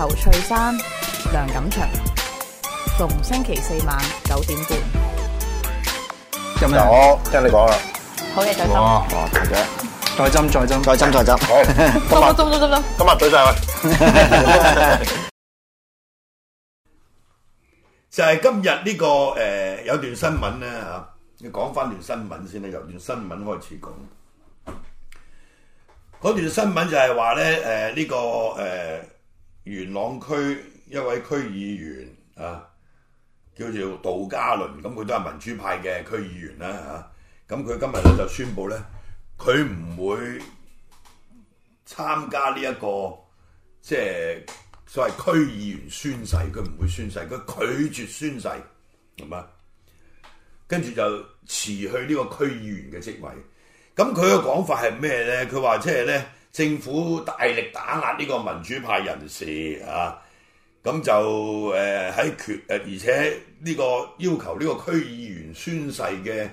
侯翠珊、梁錦祥，逢星期四晚九點半。咁樣，我聽你講啦。好嘢，再斟。哇，好嘅，再斟，再斟，再斟，再斟。今日，今日對晒佢。就係今日呢個誒，有段新聞咧吓，要講翻段新聞先啦，由段新聞開始講。嗰段新聞就係話咧，誒，呢個誒。元朗區一位區議員啊，叫做杜嘉倫，咁佢都係民主派嘅區議員啦嚇。咁、啊、佢今日咧就宣布咧，佢唔會參加呢、這、一個即係、就是、所謂區議員宣誓，佢唔會宣誓，佢拒絕宣誓，明嘛？跟住就辭去呢個區議員嘅職位。咁佢嘅講法係咩咧？佢話即係咧。政府大力打壓呢個民主派人士啊，咁就誒喺決誒，而且呢個要求呢個區議員宣誓嘅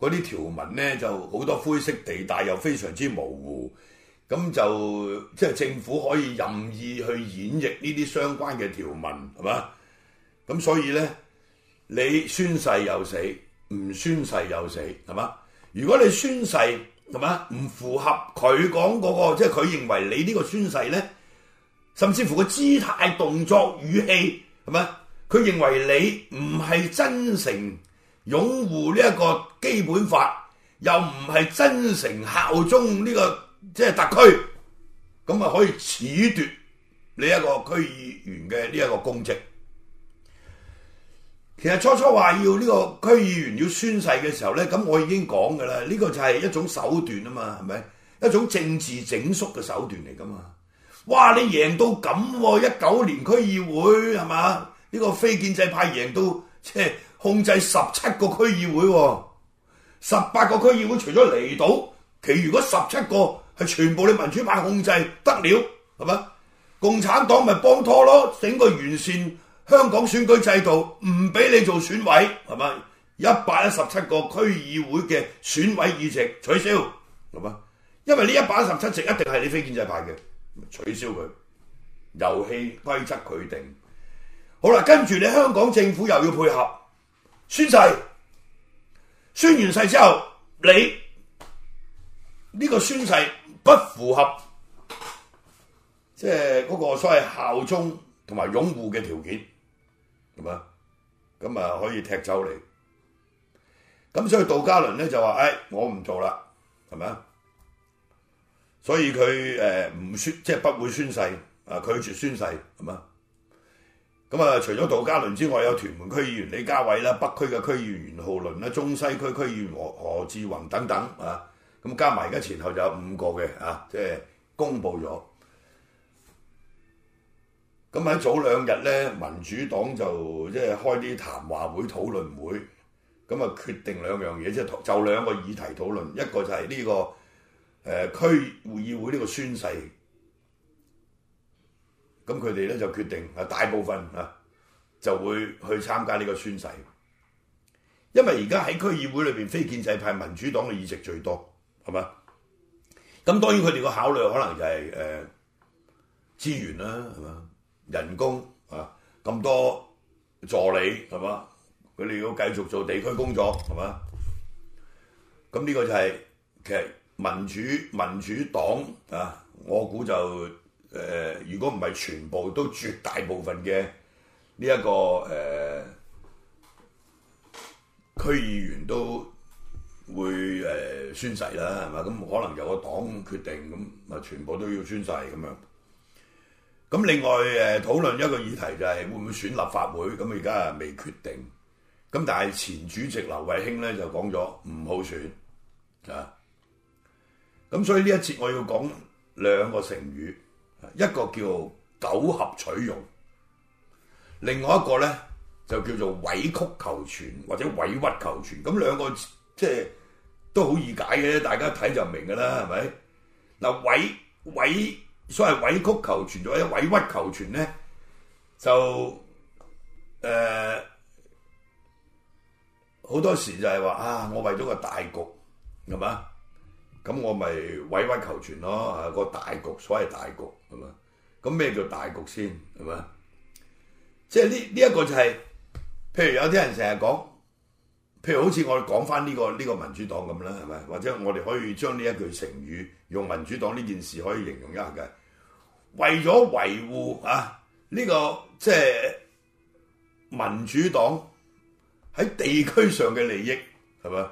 嗰啲條文咧，就好多灰色地帶又非常之模糊，咁就即係、就是、政府可以任意去演繹呢啲相關嘅條文，係嘛？咁所以咧，你宣誓又死，唔宣誓又死，係嘛？如果你宣誓，係咪唔符合佢講嗰個，即係佢認為你呢個宣誓咧，甚至乎個姿態、動作、語氣，係咪？佢認為你唔係真誠擁護呢一個基本法，又唔係真誠效忠呢個即係特區，咁啊可以褫奪你一個區議員嘅呢一個公職。其實初初話要呢個區議員要宣誓嘅時候咧，咁我已經講噶啦，呢、這個就係一種手段啊嘛，係咪？一種政治整肅嘅手段嚟噶嘛？哇！你贏到咁一九年區議會係嘛？呢、這個非建制派贏到即係、就是、控制十七個區議會、啊，十八個區議會除咗離島，其餘嗰十七個係全部你民主派控制得了，係咪？共產黨咪幫拖咯，整個完善。香港選舉制度唔俾你做選委，係嘛？一百一十七個區議會嘅選委議席取消，係嘛？因為呢一百一十七席一定係你非建制派嘅，取消佢。遊戲規則佢定。好啦，跟住你香港政府又要配合宣誓，宣完誓之後，你呢、這個宣誓不符合，即係嗰個所謂效忠同埋擁護嘅條件。咁啊，咁啊可以踢走你，咁所以杜嘉倫咧，就話誒、哎,我唔做啦，係咪啊？所以佢誒唔宣，即係不會宣誓，啊拒絕宣誓，係嘛？咁啊，除咗杜嘉倫之外，有屯門區議員李家偉啦，北區嘅區議員袁浩倫啦，中西區區議員何何志宏等等啊，咁加埋而家前後就有五個嘅啊，即係公佈咗。咁喺早兩日咧，民主黨就即係開啲談話會、討論會，咁啊決定兩樣嘢，即係就兩個議題討論，一個就係呢個誒區議會呢個宣誓，咁佢哋咧就決定啊大部分啊就會去參加呢個宣誓，因為而家喺區議會裏邊，非建制派、民主黨嘅議席最多，係嘛？咁當然佢哋個考慮可能就係誒資源啦，係嘛？人工啊，咁多助理係嘛？佢哋要繼續做地區工作係嘛？咁呢個就係、是、其實民主民主黨啊，我估就誒、呃，如果唔係全部都絕大部分嘅呢一個誒、呃、區議員都會誒、呃、宣誓啦，係嘛？咁可能由個黨決定，咁咪全部都要宣誓咁樣。咁另外誒，討論一個議題就係會唔會選立法會，咁而家啊未決定。咁但係前主席劉慧卿咧就講咗唔好選啊。咁所以呢一節我要講兩個成語，一個叫苟合取容，另外一個咧就叫做委曲求全或者委屈求全。咁兩個即係、就是、都好易解嘅，大家睇就明噶啦，係咪？嗱委委，委所謂委曲求全或者委屈求全咧，就誒好、呃、多時就係話啊，我為咗個大局係嘛，咁我咪委屈求全咯，啊個大局所謂大局係嘛，咁咩叫大局先係嘛？即係呢呢一個就係、是，譬如有啲人成日講。譬如好似我哋講翻呢個呢、呢個民主黨咁啦，係咪？或者我哋可以將呢一句成語用民主黨呢件事可以形容一下嘅，為咗維護啊呢、呢個即係、即係、民主黨喺地區上嘅利益係咪？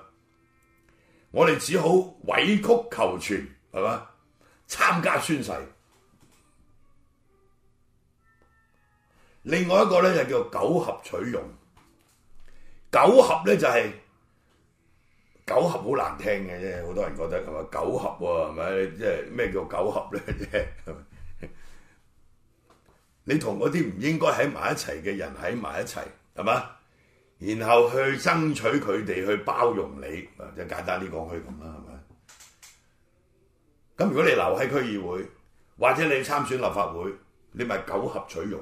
我哋只好委曲求全係咪？參加宣誓。另外一個咧就叫苟合取容。苟合咧就係、是、苟合好難聽嘅啫，好多人覺得係嘛苟合喎，啊，係咪即係咩叫苟合咧啫？你同嗰啲唔應該喺埋一齊嘅人喺埋一齊係嘛，然後去爭取佢哋去包容你，即係簡單啲講，佢咁啦係咪？咁如果你留喺區議會，或者你參選立法會，你咪苟合取容。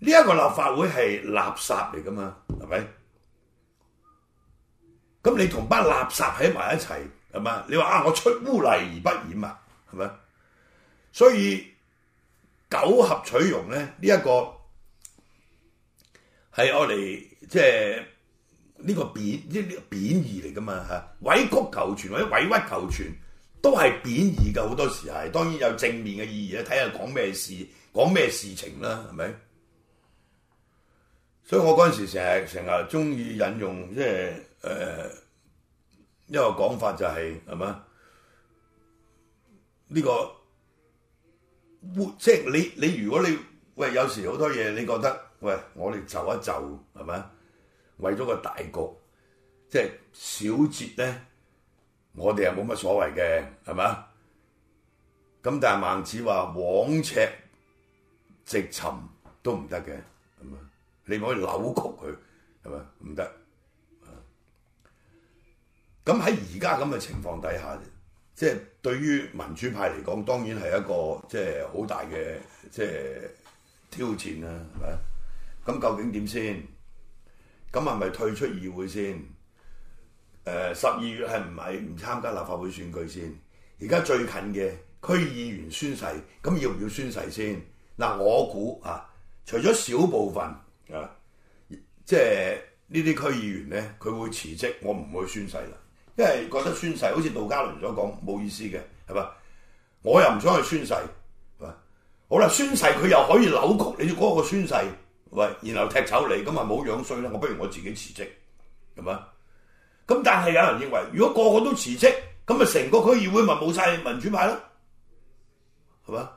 呢一個立法會係垃圾嚟噶嘛，係咪？咁你同班垃圾喺埋一齊，係嘛？你話啊，我出污泥而不染啊，係咪？所以苟合取容咧，呢一個係我嚟即係呢個貶呢啲貶義嚟噶嘛嚇，委曲求全或者委屈求全都係貶義嘅，好多時係。當然有正面嘅意義咧，睇下講咩事講咩事情啦，係咪？所以我嗰陣時成日成日中意引用即係誒、呃、一個講法就係，係嘛呢個，即係你你如果你喂，有時好多嘢，你覺得喂，我哋就一就係咪？為咗個大局，即係小節咧，我哋又冇乜所謂嘅，係咪？咁但係孟子話：枉尺直尋都唔得嘅係嘛。你唔可以扭曲佢，係咪唔得？咁喺而家咁嘅情況底下，即係對於民主派嚟講，當然係一個即係好大嘅即係挑戰啦，係咪？咁究竟點先？咁係咪退出議會先？誒，十二月係唔係唔參加立法會選舉先？而家最近嘅區議員宣誓，咁要唔要宣誓先？嗱，我估啊，除咗少部分。啊！即係呢啲區議員咧，佢會辭職，我唔會宣誓啦，因為覺得宣誓好似杜嘉倫所講冇意思嘅，係咪？我又唔想去宣誓，係咪？好啦，宣誓佢又可以扭曲你嗰個宣誓，喂，然後踢走你，咁咪冇樣衰啦。我不如我自己辭職，係咪？咁但係有人認為，如果個個都辭職，咁咪成個區議會咪冇晒民主派咯，係咪？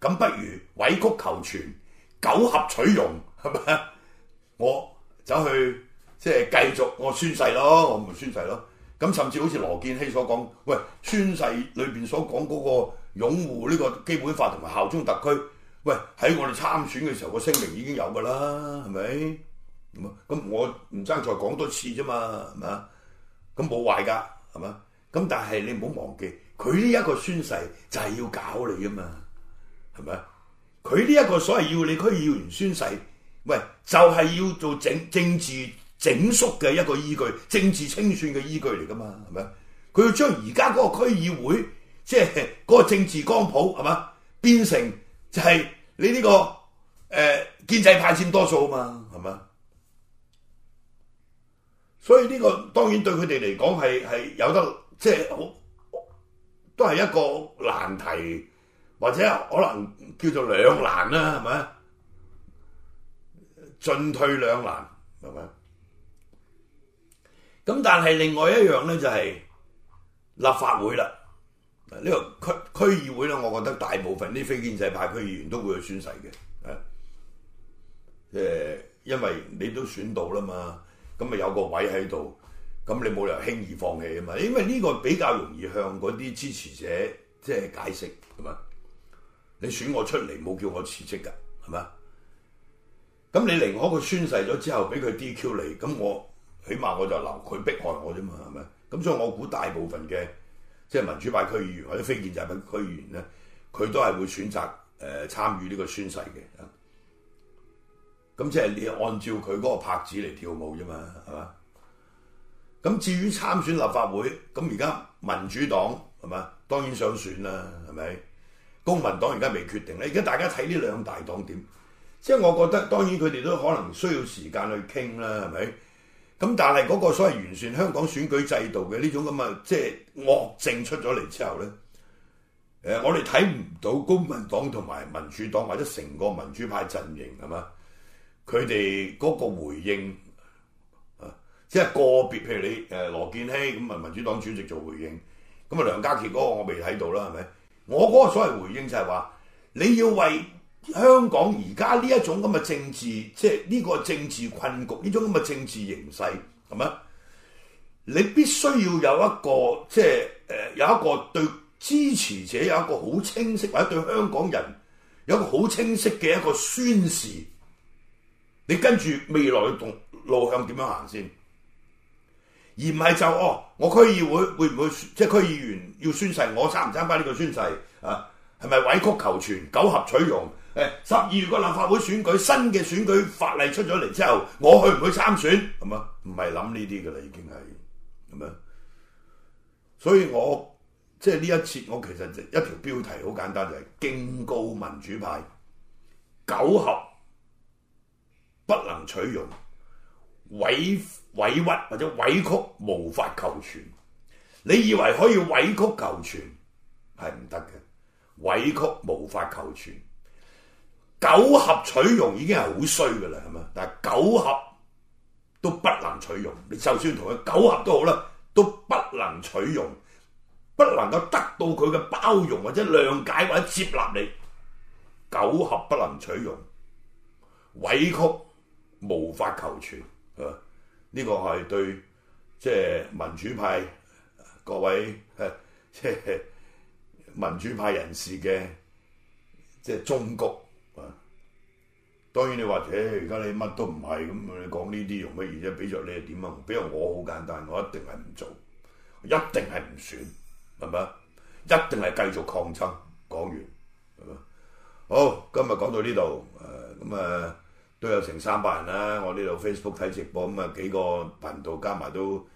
咁不如委曲求全。苟合取容，係咪？我走去即係繼續我宣誓咯，我唔宣誓咯。咁甚至好似羅建熙所講，喂，宣誓裏邊所講嗰個擁護呢個基本法同埋效忠特區，喂，喺我哋參選嘅時候個聲明已經有㗎啦，係咪？咁我唔爭再講多次啫嘛，係咪？咁冇壞㗎，係咪？咁但係你唔好忘記，佢呢一個宣誓就係要搞你㗎嘛，係咪？佢呢一個所謂要你區議員宣誓，喂，就係、整、要做政政治整肅嘅一個依據，政治清算嘅依據嚟㗎嘛，係咪？佢要將而家嗰個區議會，即係嗰個政治光譜，係嘛，變成就係你呢、這個誒、呃、建制派佔多數啊嘛，係咪？所以呢個當然對佢哋嚟講係係有得即係好，都係一個難題。或者可能叫做兩難啦，係咪？進退兩難，係咪？咁但係另外一樣咧就係、是、立法會啦，呢、這個區區議會咧，我覺得大部分啲非建制派區議員都會有宣誓嘅，誒，誒，因為你都選到啦嘛，咁咪有個位喺度，咁你冇理由輕易放棄啊嘛，因為呢個比較容易向嗰啲支持者即係解釋，係咪？你選我出嚟，冇叫我辭職噶，係咪啊？咁你寧可佢宣誓咗之後俾佢 DQ 你，咁我起碼我就留佢逼害我啫嘛，係咪？咁所以我估大部分嘅即係民主派區議員或者非建制派區議員咧，佢都係會選擇誒參與呢個宣誓嘅。咁即係你按照佢嗰個拍子嚟跳舞啫嘛，係嘛？咁至於參選立法會，咁而家民主黨係咪？當然想選啦，啊，係咪？公民黨而家未決定咧，而家大家睇呢兩大黨點？即係我覺得當然佢哋都可能需要時間去傾啦，係咪？咁但係嗰個所謂完善香港選舉制度嘅呢種咁啊，即係惡政出咗嚟之後咧，誒我哋睇唔到公民黨同埋民主黨或者成個民主派陣營係咪？佢哋嗰個回應啊，即係個別譬如你誒羅健熙咁啊，民主黨主席做回應，咁啊梁家傑嗰個我未睇到啦，係咪？我嗰個所謂回應就係話，你要為香港而家呢一種咁嘅政治，即係呢個政治困局，呢種咁嘅政治形勢，咁樣，你必須要有一個，即係誒有一個對支持者有一個好清晰，或者對香港人有一個好清晰嘅一個宣示。你跟住未來嘅同路向點樣行先？而唔係就哦，我區議會會唔會即區議員要宣誓？我參唔參加呢個宣誓啊？係咪委曲求全、苟合取容？誒、哎，十二月個立法會選舉新嘅選舉法例出咗嚟之後，我去唔去參選？咁啊，唔係諗呢啲噶啦，已經係咁樣。所以我，我即呢一次，我其實就一條標題好簡單，就係、是、敬告民主派，苟合不能取容。委委屈或者委屈無法求全，你以為可以委屈求全係唔得嘅，委屈無法求全。苟合取容已經係好衰嘅啦，係咪？但係苟合都不能取容。你就算同佢苟合都好啦，都不能取容。不能夠得到佢嘅包容或者諒解或者接納你。苟合不能取容，委屈無法求全。誒呢、啊，這個係對即係民主派各位即係民主派人士嘅即係忠告啊！當然你或者而家你乜都唔係咁，你講呢啲用乜嘢啫？比如你係點啊？比如我好簡單，我一定係唔做，一定係唔選，係咪一定係繼續抗爭。講完，好，今日講到呢度，誒咁誒。嗯呃都有成三百人啦、啊，我呢度 Facebook 睇直播咁啊，幾個頻道加埋都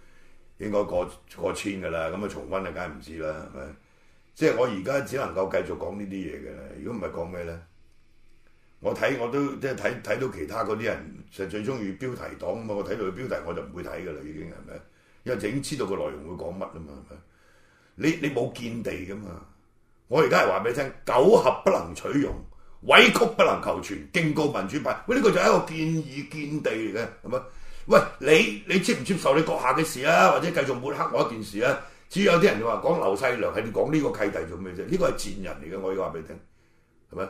應該過過千噶啦，咁啊重温啊，梗係唔知啦，係咪？即係我而家只能夠繼續講呢啲嘢嘅啦。如果唔係講咩咧？我睇我都即係睇睇到其他嗰啲人，最最中意標題黨咁啊！我睇到佢標題我就唔會睇噶啦，已經係咪？因為就已經知道個內容會講乜啊嘛，係咪？你你冇見地噶嘛？我而家係話俾你聽，苟合不能取容。委屈不能求全，敬告民主派，喂呢、這個就係一個建議見地嚟嘅，係咪？喂你你接唔接受你閣下嘅事啊？或者繼續抹黑我一件事啊？至於有啲人就話講劉細良係你講呢個契弟做咩啫？呢、這個係賤人嚟嘅，我要話俾你聽，係咪？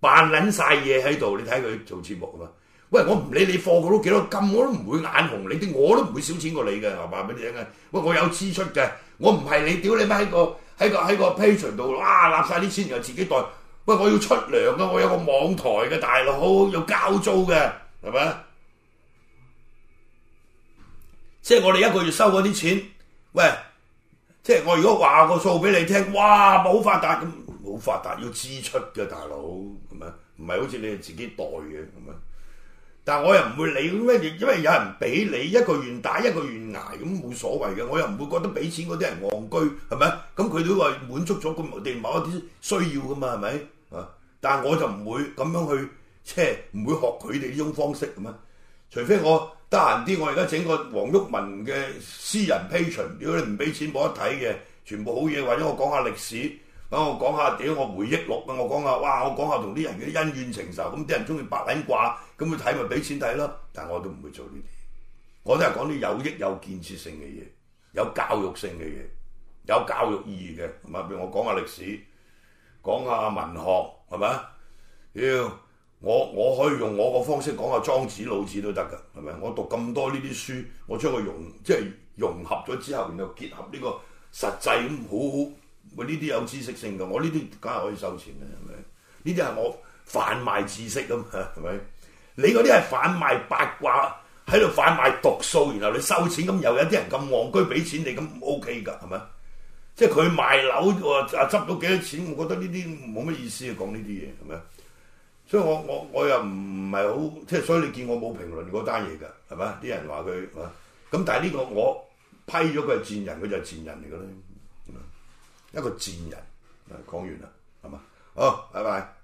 扮撚晒嘢喺度，你睇佢做節目啊？喂，我唔理你課過都幾多金，我都唔會眼紅你啲，我都唔會少錢過你嘅，我話俾你聽嘅。喂，我有支出嘅，我唔係你屌你媽喺個喺個喺個，個 Patreon 度哇納晒啲錢又自己袋。喂，我要出糧嘅，我有個網台嘅大佬要交租嘅，係咪？即係我哋一個月收嗰啲錢，喂，即係我如果話個數俾你聽，哇，冇發達咁，冇發達，要支出嘅大佬，咁樣，唔係好似你哋自己袋嘅咁樣。但係我又唔會理咁，因為有人俾你一個願打一個願挨，咁冇所謂嘅。我又唔會覺得俾錢嗰啲人戇居，係咪？咁佢都話滿足咗佢哋某一啲需要噶嘛，係咪？但係我就唔會咁樣去，即係唔會學佢哋呢種方式咁啊！除非我得閒啲，我而家整個黃毓民嘅私人 Patreon，如果你唔俾錢冇得睇嘅，全部好嘢，或者我講下歷史，等我講下點，我回憶錄啊，我講下哇，我講下同啲人嘅恩怨情仇，咁啲人中意白銀卦，咁佢睇咪俾錢睇咯。但我都唔會做呢啲，我都係講啲有益、有建設性嘅嘢，有教育性嘅嘢，有教育意義嘅，唔係譬如我講下歷史。講下文學係咪啊？要我我可以用我個方式講下莊子、老子都得㗎，係咪？我讀咁多呢啲書，我將佢融即係融合咗之後，然後結合呢個實際咁，好好我呢啲有知識性㗎，我呢啲梗係可以收錢啦，係咪？呢啲係我販賣知識㗎嘛，係咪？你嗰啲係販賣八卦，喺度販賣毒素，然後你收錢，咁又有啲人咁戇居俾錢你，OK，咁 O K 㗎，係咪？即係佢賣樓啊執到幾多錢，我覺得呢啲冇乜意思啊，講呢啲嘢係咪？所以我我我又唔係好，即係所以你見我冇評論嗰單嘢㗎，係咪？啲人話佢係嘛？咁但係呢個我批咗佢係賤人，佢就係賤人嚟㗎啦，一個賤人啊！講完啦，係嘛？好，拜拜。